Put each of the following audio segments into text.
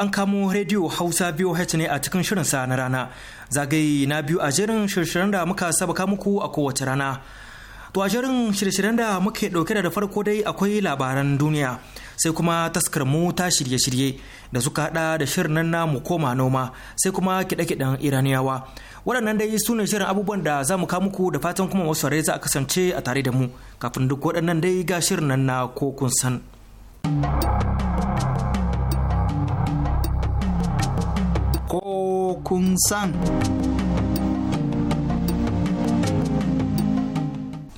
an kamo rediyo Hausa VOH ne a cikin shirin sa na rana. Zagaye na biyu a jerin shirshirin da muka sabaka muku a kowace rana. To a jerin shirshirin da muke dauke da farko dai akwai labaran duniya. Sai kuma taskar mu ta shirye-shirye da suka hada da shirin nan namu koma noma sai kuma kiɗe-kiɗen Iraniyawa. Waɗannan dai su ne shirin abubuwan da za mu kamuku muku da fatan kuma wasu za a kasance a tare da mu kafin duk waɗannan dai ga shirin nan na kokun san. kun san.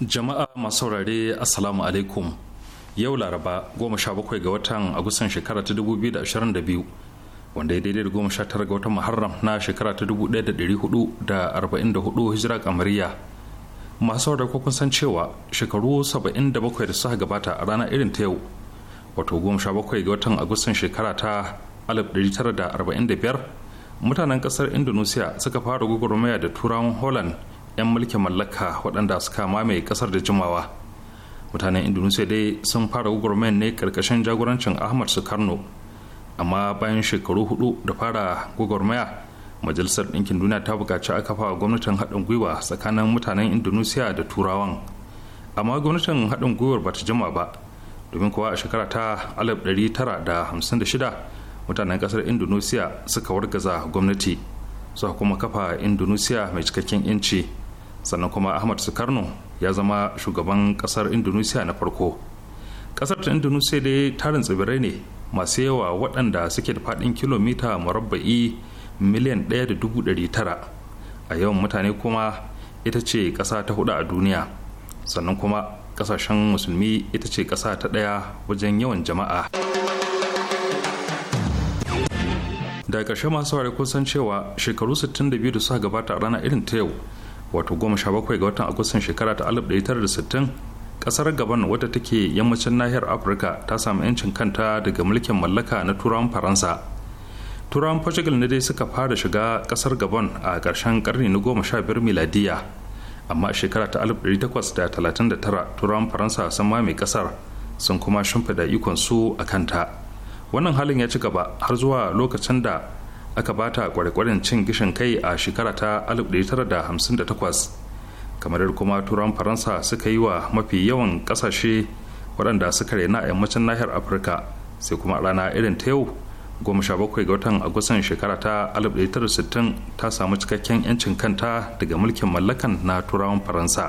Jama'a masu saurare Assalamu alaikum. Yau Laraba goma sha bakwai ga watan Agustan shekara ta dubu biyu da ashirin da biyu wanda ya daidai da goma sha tara ga watan Muharram na shekara ta dubu ɗaya da ɗari hudu da arba'in da hudu hijira kamariya. Masu saurare ko kun san cewa shekaru saba'in da bakwai da suka gabata a ranar irin ta yau wato goma sha bakwai ga watan Agustan shekara ta 1945 mutanen kasar indonesia suka fara gwagwarmaya da turawan holland 'yan mulkin mallaka waɗanda suka mamaye kasar da jimawa mutanen indonesia dai sun fara gwagwarmayar ne karkashin jagorancin ahmad sukarno amma bayan shekaru hudu da fara gwagwarmaya majalisar ɗinkin duniya ta buƙaci a kafa gwamnatin haɗin gwiwa tsakanin mutanen indonesia da turawan amma gwamnatin haɗin gwiwar ba ta jima ba domin kuwa a shekara ta 1956 mutanen kasar indonesia suka wargaza gwamnati suka kuma kafa indonesia mai cikakken inci sannan kuma ahmad sukarno ya zama shugaban kasar indonesia na farko kasar ta indonesia dai tarin tsibirai ne masu yawa waɗanda suke da faɗin kilomita murabba'i miliyan 1.900 a yawan mutane kuma ita ce ƙasa ta hudu a duniya sannan kuma ƙasashen musulmi ita ce ƙasa ta ɗaya wajen yawan jama'a. da ƙarshe masu saurari kun san cewa shekaru 62 da suka gabata a ranar irin ta yau wato 17 ga watan agustan shekara ta 1960 kasar gaban wata take yammacin nahiyar afirka ta samu 'yancin kanta daga mulkin mallaka na turawan faransa turawan portugal ne dai suka fara shiga kasar gaban a ƙarshen karni na 15 miladiya amma a shekara ta 1839 turawan faransa sun mame kasar sun kuma shimfida ikon su a kanta wannan halin ya ci gaba har zuwa lokacin da aka bata kwarekwaren cin gishin kai a shekara ta 1958 kamar kuma turan faransa suka yi wa mafi yawan kasashe waɗanda suka rena a yammacin nahiyar afirka sai kuma rana irin ta yau goma sha bakwai ga watan agustan shekara ta 1960 ta samu cikakken 'yancin kanta daga mulkin mallakan na turawan faransa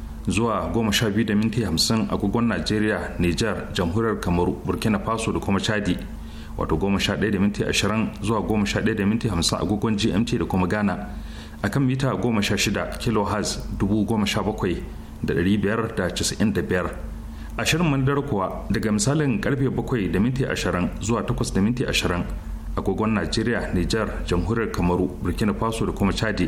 zuwa goma sha biyu da minti hamsin agogon najeriya nijar jamhuriyar kamaru burkina faso da kuma chadi wato goma sha ɗaya da minti ashirin zuwa goma sha ɗaya da minti hamsin agogon gmt da kuma ghana a kan mita goma sha shida kilohertz dubu goma sha bakwai da ɗari biyar da casa'in da biyar ashirin manadar kuwa daga misalin karfe bakwai da minti ashirin zuwa takwas da minti ashirin agogon najeriya nijar jamhuriyar kamaru burkina faso da kuma chadi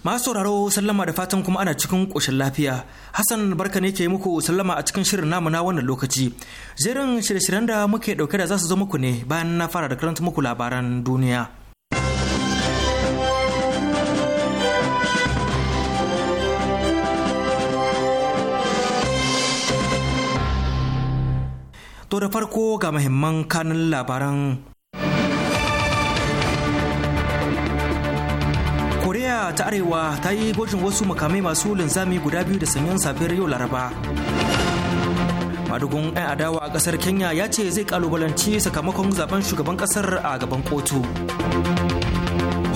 Masu sauraro sallama da fatan kuma ana cikin ƙoshin lafiya. Hassan barka ne ke muku sallama a cikin shirin namu na wannan lokaci. Jerin shirye-shiryen da muke ɗauke da za su zo muku ne bayan na fara da karanta muku labaran duniya. To da farko ga muhimman kanun labaran ta arewa ta yi gwajin wasu makamai masu linzami guda biyu da sanyin safiyar yau laraba madugun 'yan adawa a kasar kenya ya ce zai kalubalanci sakamakon zaben shugaban kasar a gaban kotu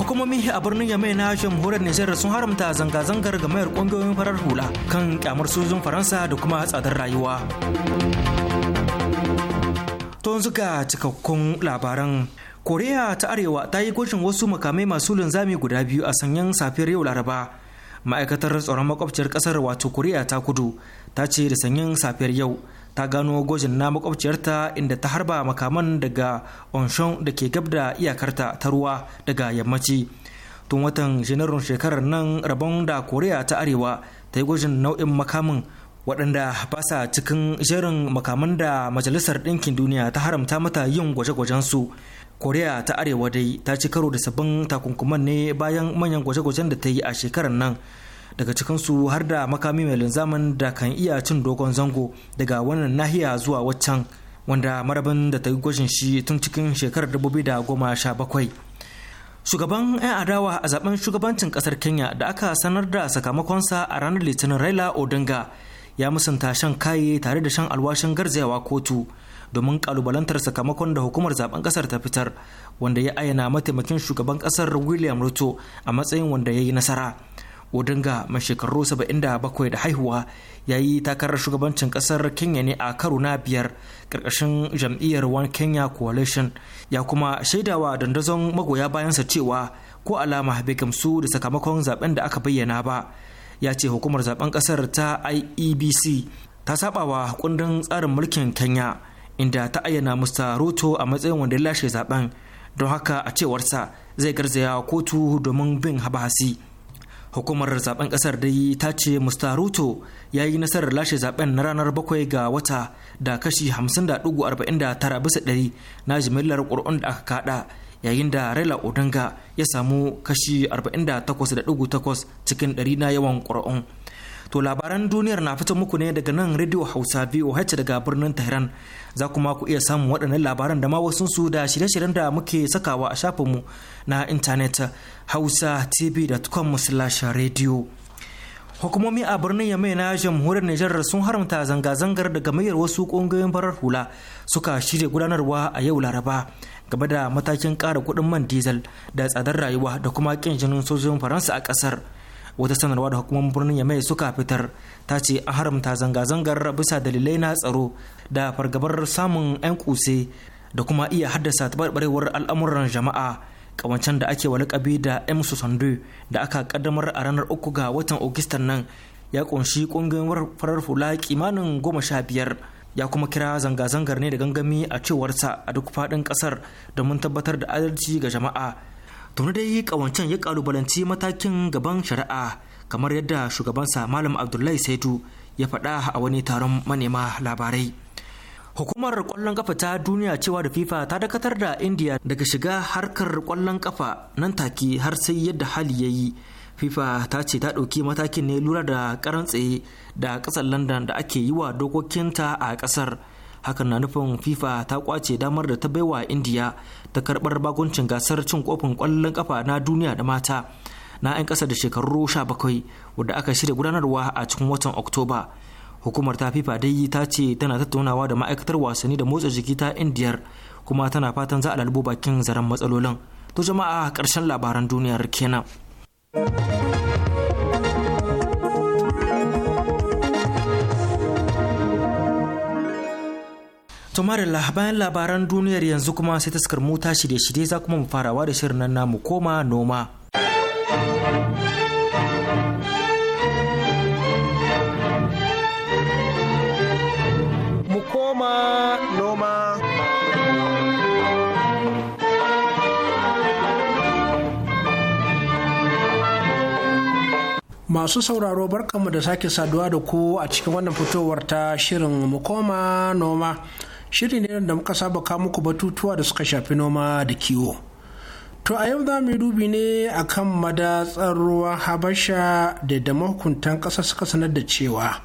hukumomi a birnin yamai na jamhuriyar nijar sun haramta zanga-zangar gamayar kungiyoyin farar hula kan kyamar sojojin faransa da kuma tsadar rayuwa to yanzu ga cikakkun labaran koreya ta arewa ta yi gwajin wasu makamai masu linzami guda biyu a sanyin safiyar yau laraba ma'aikatar tsaron makwabciyar kasar wato koreya ta kudu ta ce da sanyin safiyar yau ta gano gwajin na makwabciyarta inda ta harba makaman daga onshon da ke gab da iyakarta ta ruwa daga yammaci tun watan shekarar nan rabon da koreya ta arewa ta yi gwajin nau'in makamin waɗanda ba sa cikin jerin makaman da majalisar ɗinkin duniya ta haramta mata yin gwaje su koriya ta arewa dai ta ci karo da sabbin takunkuman ne bayan manyan gwaje-gwajen da ta yi a shekarar nan daga cikinsu har da makami mai linzamin da kan iya cin dogon zango daga wannan nahiya zuwa waccan wanda marabin da ta yi gwajin shi tun cikin shekarar 2017 shugaban 'yan adawa a zaben shugabancin kasar kenya da aka sanar da sakamakonsa a ranar litinin raila odinga ya musanta shan kaye tare da shan alwashin garzayawa kotu domin kalubalantar sakamakon da hukumar zaben kasar ta fitar wanda ya ayyana mataimakin shugaban kasar william ruto a matsayin wanda ya yi nasara odinga mai shekaru 77 da haihuwa ya yi takarar shugabancin kasar kenya ne a karo na biyar karkashin jam'iyyar one kenya coalition ya kuma shaidawa dandazon magoya bayansa cewa ko alama bai gamsu da sakamakon zaben da aka bayyana ba ya ce hukumar zaben kasar ta iebc ta sabawa kundin tsarin mulkin kenya inda ta ayyana mr ruto a matsayin wanda ya lashe zaben don haka a cewarsa zai garzaya kotu domin bin habahasi hukumar zaben kasar dai ta ce mr ruto ya yi nasarar lashe zaben na ranar 7 ga wata da kashi 50.49 bisa ɗari na jimillar kur'un da aka kada yayin da raila odinga ya samu kashi 48.8 cikin ɗari na yawan ƙuri'un to labaran duniyar na fita muku ne daga nan radio hausa voh daga birnin tehran za kuma ku iya samun waɗannan labaran da ma wasu su da shirye-shiryen da muke sakawa a shafinmu na intanet hausa tv.com/radio hukumomi a birnin yamai na jamhuriyar nijar sun haramta zanga-zangar da gamayyar wasu ƙungiyoyin farar hula suka shirya gudanarwa a yau laraba game da matakin ƙara kuɗin man diesel da tsadar rayuwa da kuma ƙin jinin sojojin faransa a ƙasar wata sanarwa da hukumomin birnin yamai suka fitar ta ce an haramta zanga-zangar bisa dalilai na tsaro da fargabar samun 'yan kuse da kuma iya haddasa taɓarɓarewar al'amuran jama'a kawancen da ake walakabi da emsu sandu da aka kaddamar a ranar uku ga watan ogistan nan ya kunshi kungiyar farar hula kimanin goma sha biyar ya kuma kira zanga-zangar ne da gangami a cewarsa a duk faɗin ƙasar domin tabbatar da adalci ga jama'a tuni dai kawancen ya kalubalanci matakin gaban shari'a kamar yadda shugabansa malam abdullahi saidu ya faɗa a wani taron manema labarai Hukumar kwallon kafa ta duniya cewa da FIFA ta dakatar da India daga shiga harkar kwallon kafa nan take har sai yadda hali ya yi. FIFA ta ce ta ɗauki matakin ne lura da karan tsaye da ƙasar London da ake yi wa dokokinta a ƙasar. Hakan na nufin FIFA ta ƙwace damar da ta baiwa India ta karɓar baguncin gasar cin kofin kwallon kafa na duniya da mata na 'yan ƙasa da shekaru 17 wadda aka shirya gudanarwa a cikin watan Oktoba. hukumar ta fifa dai ta ce tana tattaunawa da ma'aikatar wasanni da motsa jiki ta indiyar kuma tana fatan za a lalbo bakin zaren matsalolin to jama'a karshen labaran duniyar kenan tomarilla bayan labaran duniyar yanzu kuma sai taskar mota shirye-shirye za kuma mu farawa da shirin nan namu koma noma Masu sauraro barkanmu da sake saduwa da ku a cikin wannan fitowar ta shirin mu koma noma. Shiri ne da muka saba kawo muku batutuwa da suka shafi noma da kiwo. To a yau za mu yi dubi ne akan madatsar ruwa Habasha da da mahukuntan ƙasa suka sanar da cewa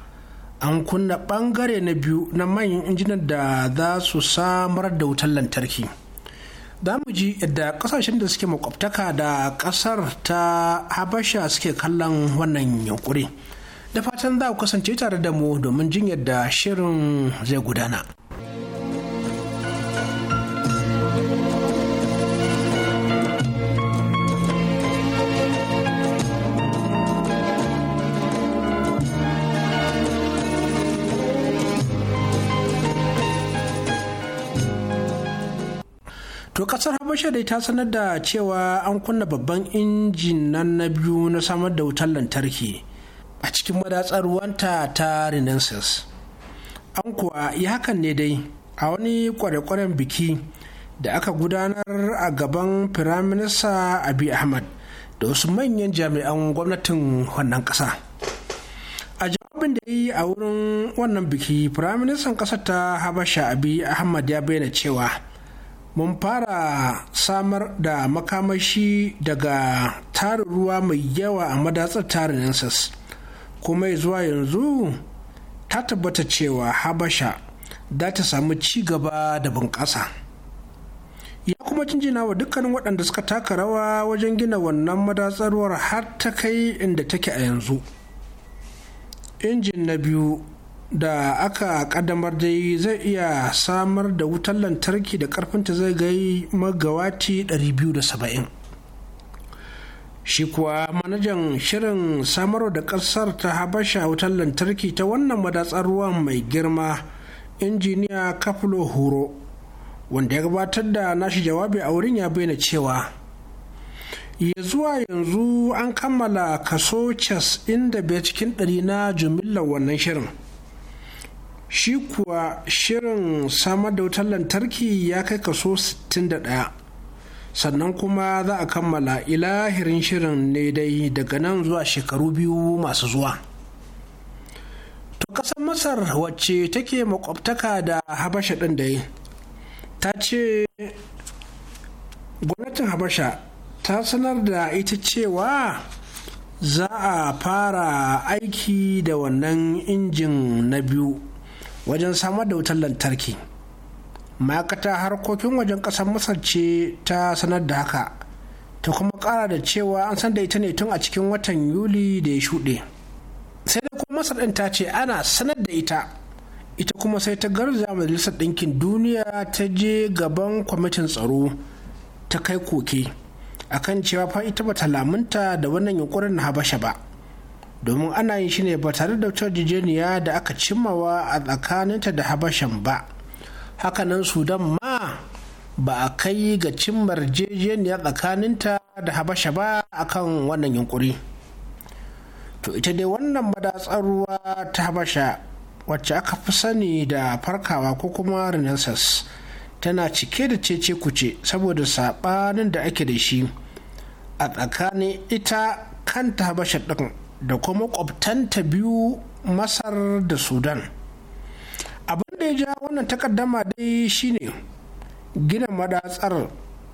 an kunna ɓangare na biyu na manyan injinan da za su samar da wutar lantarki. za mu ji yadda kasashen da suke makwabtaka da kasar ta habasha suke kallon wannan yunkuri da fatan za ku kasance tare da mu domin jin yadda shirin zai gudana To kasar Habasha dai ta sanar da cewa an kunna babban injin nan na biyu na samar da wutar lantarki a cikin madatsar ruwanta ta Renaissance. An kuwa yi hakan ne dai a wani kwarekwaren biki da aka gudanar a gaban Firaminista Abi Ahmad da wasu manyan jami'an gwamnatin wannan ƙasa. A jawabin da yi a wurin wannan biki, Firaministan ƙasar ta Habasha Abi Ahmad ya bayyana cewa. mun fara samar da makamashi daga tarin ruwa mai yawa a madatsar tarin Nansas. kuma zuwa yanzu ta tabbata cewa habasha za ta samu ci gaba da bunƙasa ya kuma jinjina wa dukkanin waɗanda suka taka rawa wajen gina wannan madatsarwar har ta kai inda take a yanzu injin na biyu da aka kaddamar dai zai iya samar da wutar lantarki da karfinta zai gai magawati 270 shi kuwa manajan shirin samar da kasar ta habasha wutar lantarki ta wannan madatsar ruwa mai girma injiniya kafulo horo, wanda ya gabatar da nashi jawabi a wurin ya bayyana cewa ya zuwa yanzu an kammala kaso 95 cikin 100 na jumillar wannan shirin shi kuwa shirin samar da wutar lantarki ya kai kaso 61 sannan kuma za a kammala ilahirin shirin ne dai daga nan zuwa shekaru biyu masu zuwa to kasar masar wacce take makwabtaka da habasha ɗin da ta ce gwamnatin habasha ta sanar da ita cewa za a fara aiki da wannan injin na biyu wajen samar da wutar lantarki ma'aikata harkokin wajen ƙasar masar ce ta sanar da haka ta kuma kara da cewa an san da ita ne tun a cikin watan yuli da ya shuɗe sai dai kuma masar ɗin ta ce ana sanar da ita ita kuma sai ta garza majalisar ɗinkin duniya ta je gaban kwamitin tsaro ta kai koke akan cewa fa ita bata lamunta da wannan yunkurin na habasha ba domin ana yin shi ne ba tare da wata jijeniya da aka cimmawa a tsakaninta da habashan ba hakanan sudan ma ba a kai ga cimmar jejeniya tsakaninta da habasha ba akan wannan yunkuri to ita dai wannan madatsar ruwa ta habasha wacce aka fi sani da farkawa ko kuma renaissance tana cike da cece kuce saboda saɓanin da ake da shi a tsakanin ita kanta habasha ɗin da kuma makwabtanta biyu masar da sudan abin da ya ja wannan takaddama dai shine gina madatsar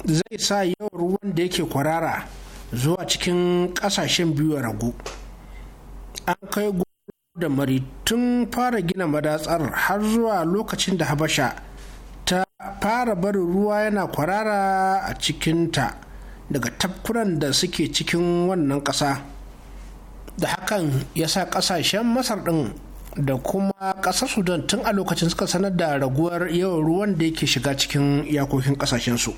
zai sa yawan ruwan da yake kwarara zuwa cikin ƙasashen biyu a ragu an kai da mari tun fara gina madatsar har zuwa lokacin da habasha ta fara barin ruwa yana kwarara a cikinta daga tafkunan da suke cikin wannan ƙasa. da hakan ya sa kasashen masar ɗin da kuma ƙasar sudan tun a lokacin suka sanar da raguwar yawan ruwan da yake shiga cikin iyakokin ƙasashensu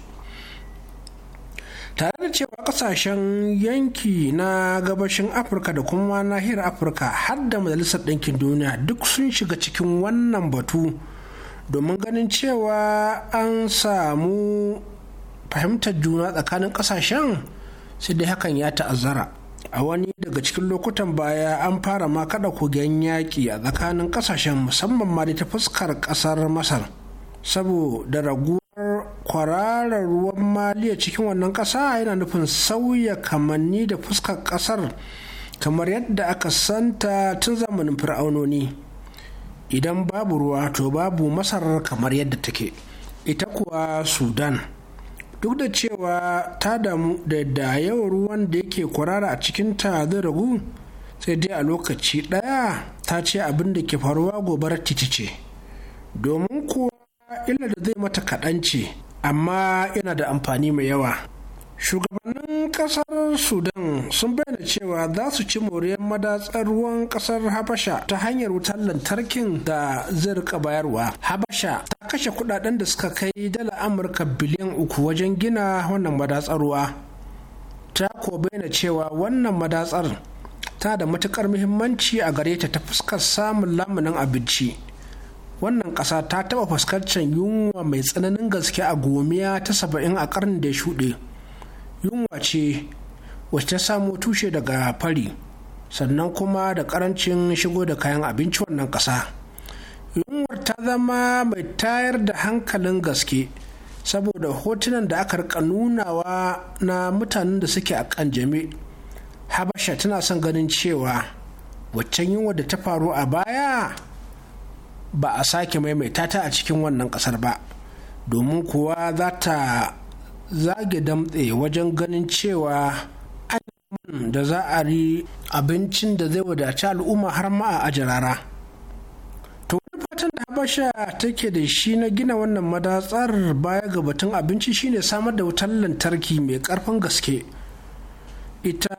tare da cewa ƙasashen yanki na gabashin afirka da kuma nahiyar afirka har da majalisar ɗinkin duniya duk sun shiga cikin wannan batu domin ganin cewa an samu fahimtar juna tsakanin ƙasashen sai dai hakan ya ta'azzara a wani daga cikin lokutan baya an fara ma kada kogen yaƙi a tsakanin ƙasashen musamman ma da ta fuskar ƙasar masar saboda raguwar kwararar ruwan maliya cikin wannan ƙasa yana nufin sauya kamanni da fuskar ƙasar kamar yadda aka santa tun zamanin fir'aunoni idan babu ruwa to babu masar kamar yadda take ita kuwa sudan duk da cewa ta damu da yadda yawan ruwan da yake kwarara a cikin ta zai ragu sai dai a lokaci ɗaya ta ce abin da ke faruwa gobarar titi ce domin kuwa illa da zai mata kaɗan ce amma yana da amfani mai yawa shugabannin kasar sudan sun bayyana cewa za su ci moriyar madatsar ruwan kasar habasha ta hanyar wutar lantarkin da zai bayarwa habasha ta kashe kudaden da suka kai dala amurka biliyan uku wajen gina wannan madatsar ruwa ta ko bayyana cewa wannan madatsar ta da matukar muhimmanci a gare ta ta fuskar samun lamunin abinci wannan ƙasa ta taɓa fuskantar yunwa mai tsananin gaske a gomiya ta saba'in a ƙarni da ya shuɗe yunwa ce wacce ta samo tushe daga fari sannan kuma da karancin shigo da kayan abinci wannan ƙasa yunwar ta zama mai tayar da hankalin gaske saboda hotunan da aka rika nunawa na mutanen da suke a kan jami habasha tana son ganin cewa waccan yunwa da ta faru a baya ba a sake maimaita ta a cikin wannan kasar ba domin kuwa za ta zage damtse wajen ganin cewa an da za a ri abincin da zai wadaci al'umma har ma a jarara to wani fatan da habasha take da shi na gina wannan madatsar baya ga batun abinci shine samar da wutar lantarki mai karfin gaske ita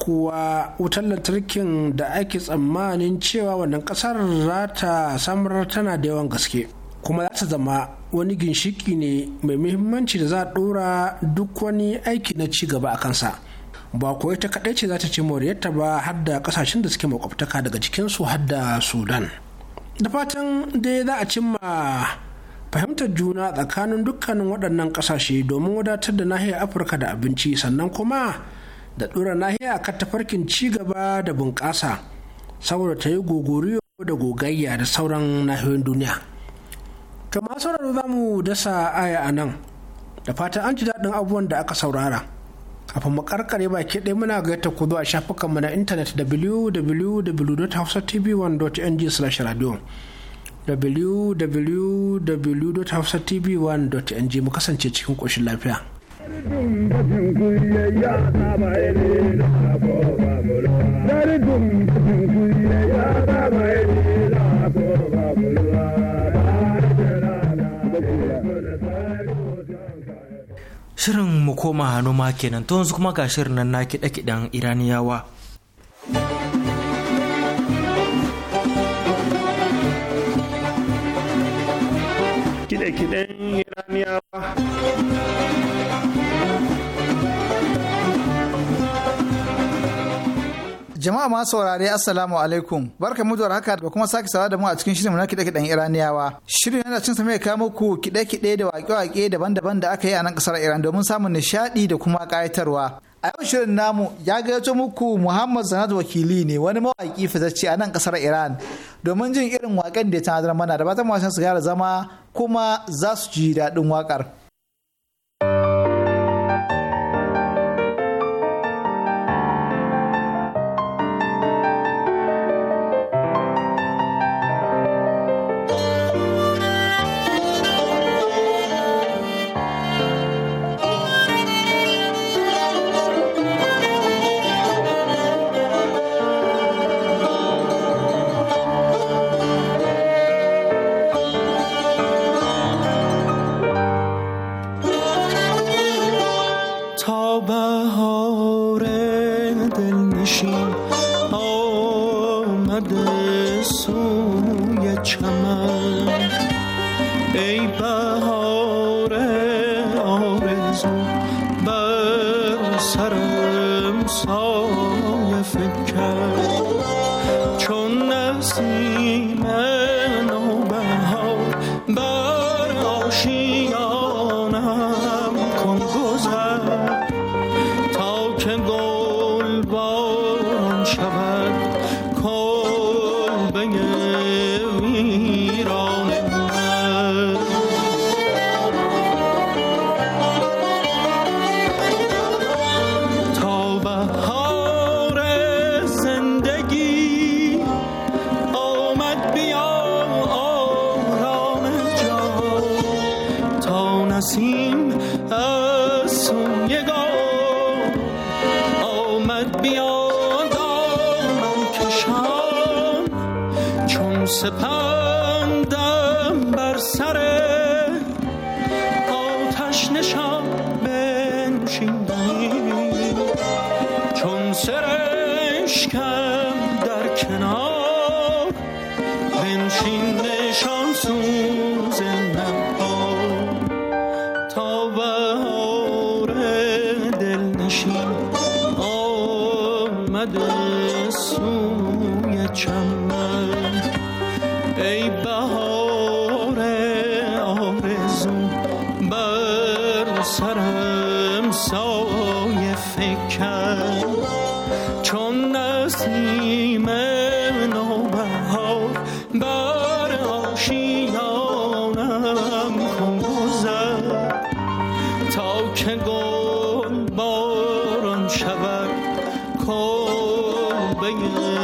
kuwa wutar lantarkin da ake tsammanin cewa wannan kasar za ta samar tana da yawan gaske kuma za ta zama wani ginshiki ne mai muhimmanci da za a ɗora duk wani aiki na ci gaba a kansa ba kuwa ta kaɗai ce za ta ci moriyarta ba har da ƙasashen da suke makwabtaka daga cikinsu har da sudan da fatan dai za a cimma fahimtar juna tsakanin dukkanin waɗannan ƙasashe domin wadatar da nahiyar afirka da abinci sannan kuma da ɗora nahiya kan tafarkin ci gaba da bunƙasa saboda ta yi gogoriyo da gogayya da sauran nahiyoyin duniya. To masu sauraro za mu dasa aya a nan da fatan an ji daɗin abubuwan da aka saurara. Kafin mu karkare baki ɗaya muna gaita ku zuwa shafukanmu na intanet www.hausatv1.ng/radio www.hausatv1.ng mu kasance cikin ƙoshin lafiya. Dari dum dum kuyi ya ba mai la ko ba Shirin mu koma noma kenan to yanzu kuma ga shirin nan na kiɗa kiɗan Iraniyawa. kiɗa kiɗan Iraniyawa. Jama'a ma saurare Assalamu alaikum. Barka mu da haka da kuma sake sawa da mu a cikin shirin na kiɗe-kiɗen Iraniyawa. Shirin yana cin mai kawo muku kiɗe-kiɗe da waƙe-waƙe daban-daban da aka yi a nan ƙasar Iran domin samun nishaɗi da kuma ƙayatarwa. A yau shirin namu ya gayyato muku Muhammad Zanad Wakili ne wani mawaƙi fitacce a nan ƙasar Iran domin jin irin waƙen da ya tanadar mana da ba ta wasan su gara zama kuma za su ji daɗin waƙar. chamar em paz. سپندم بر سر người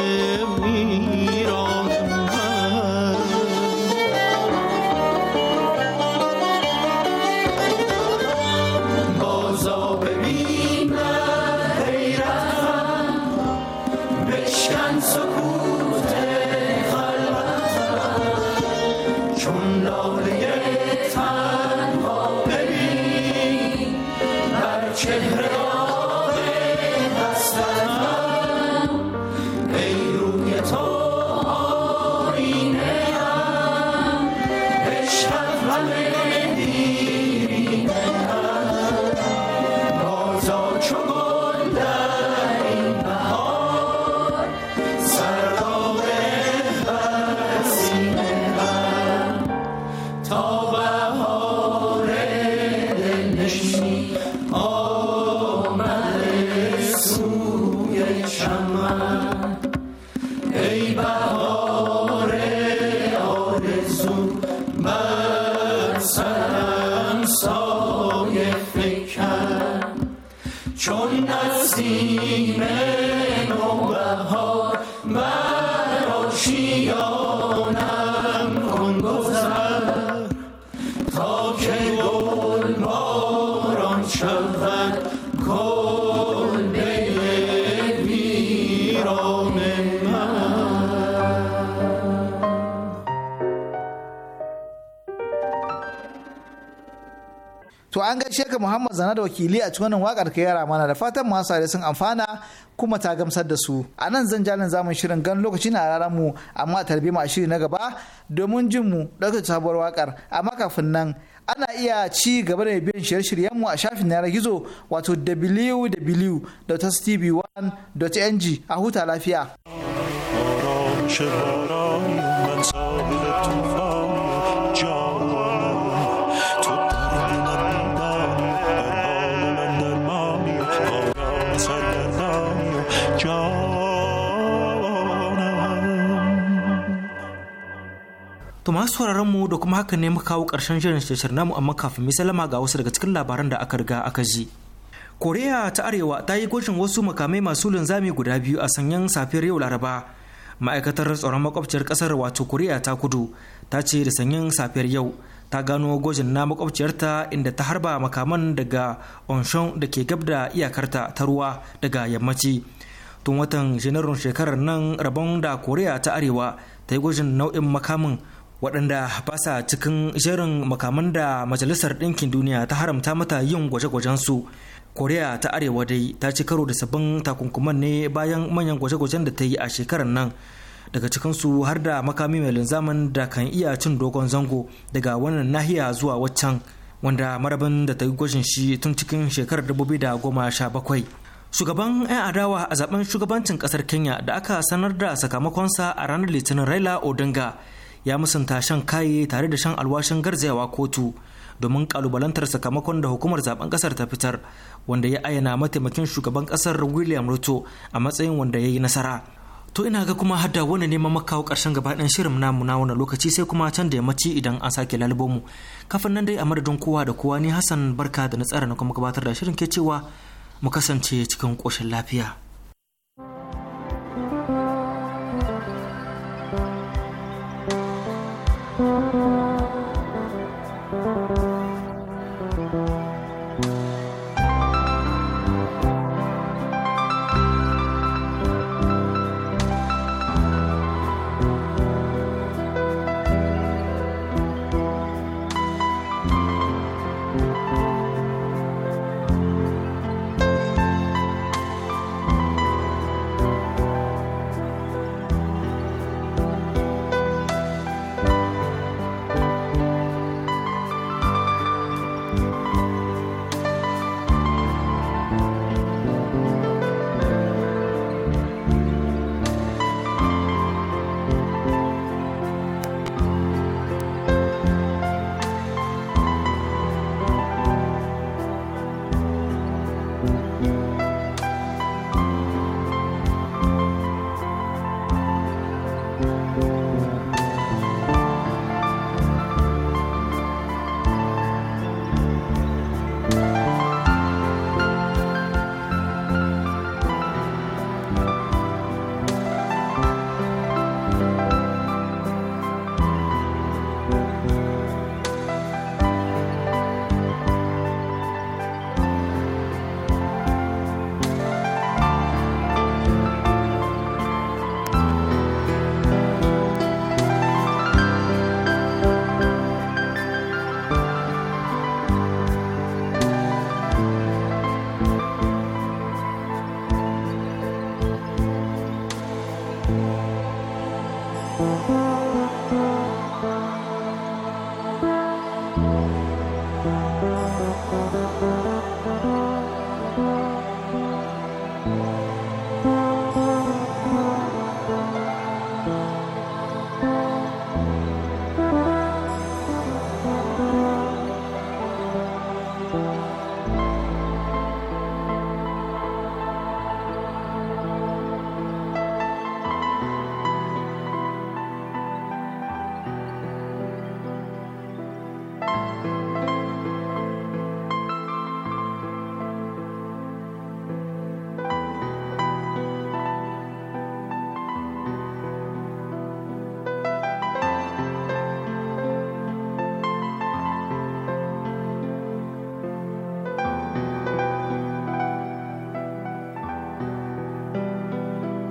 ka muhammad zana da wakili a cikin wakar ka yara mana da fatan masu sare sun amfana kuma ta gamsar da su a nan zan jalin zamun shirin gan lokaci na rara mu amma tarbi mu a shiri na gaba domin jin mu ɗauke sabuwar wakar amma kafin nan ana iya ci gaba da biyan shirye-shiryen mu a shafin yanar gizo wato www.tv1.ng a huta lafiya. To masu sauraron mu da kuma haka ne muka kawo ƙarshen shirin shirin namu amma kafin mai salama ga wasu daga cikin labaran da aka riga aka ji. Koriya ta Arewa ta yi gwajin wasu makamai masu linzami guda biyu a sanyin safiyar yau Laraba. Ma'aikatar tsaron makwabciyar ƙasar wato Koriya ta Kudu ta ce da sanyin safiyar yau ta gano gwajin na makwabciyarta inda ta harba makaman daga onshon da ke gab da iyakarta ta ruwa daga yammaci tun watan janairun shekarar nan rabon da koriya ta arewa ta yi gwajin nau'in makamin waɗanda ba sa cikin jerin makaman da majalisar ɗinkin duniya ta haramta mata yin gwaje gwajen su koriya ta arewa dai ta ci karo da sabbin takunkuman ne bayan manyan gwaje-gwajen da ta yi a shekarar nan daga cikinsu har da makami mai linzamin da kan iya cin dogon zango daga wannan nahiya zuwa waccan wanda marabin da ta yi gwajin shi tun cikin shekarar da goma bakwai shugaban 'yan adawa a zaben shugabancin kasar kenya da aka sanar da sakamakonsa a ranar litinin raila odinga ya musanta shan kaye tare da shan alwashin garzayawa kotu domin kalubalantar sakamakon da hukumar zaben kasar ta fitar wanda ya ayyana mataimakin shugaban kasar william ruto a matsayin wanda ya yi nasara to ina ga kuma hada wani neman makawo karshen ɗan shirin namu na wani lokaci sai kuma can da yammaci idan an sake lalbomu kafin nan dai a madadin kowa da kowa ni hassan barka da na tsara na kuma gabatar da shirin ke cewa mu kasance cikin koshin lafiya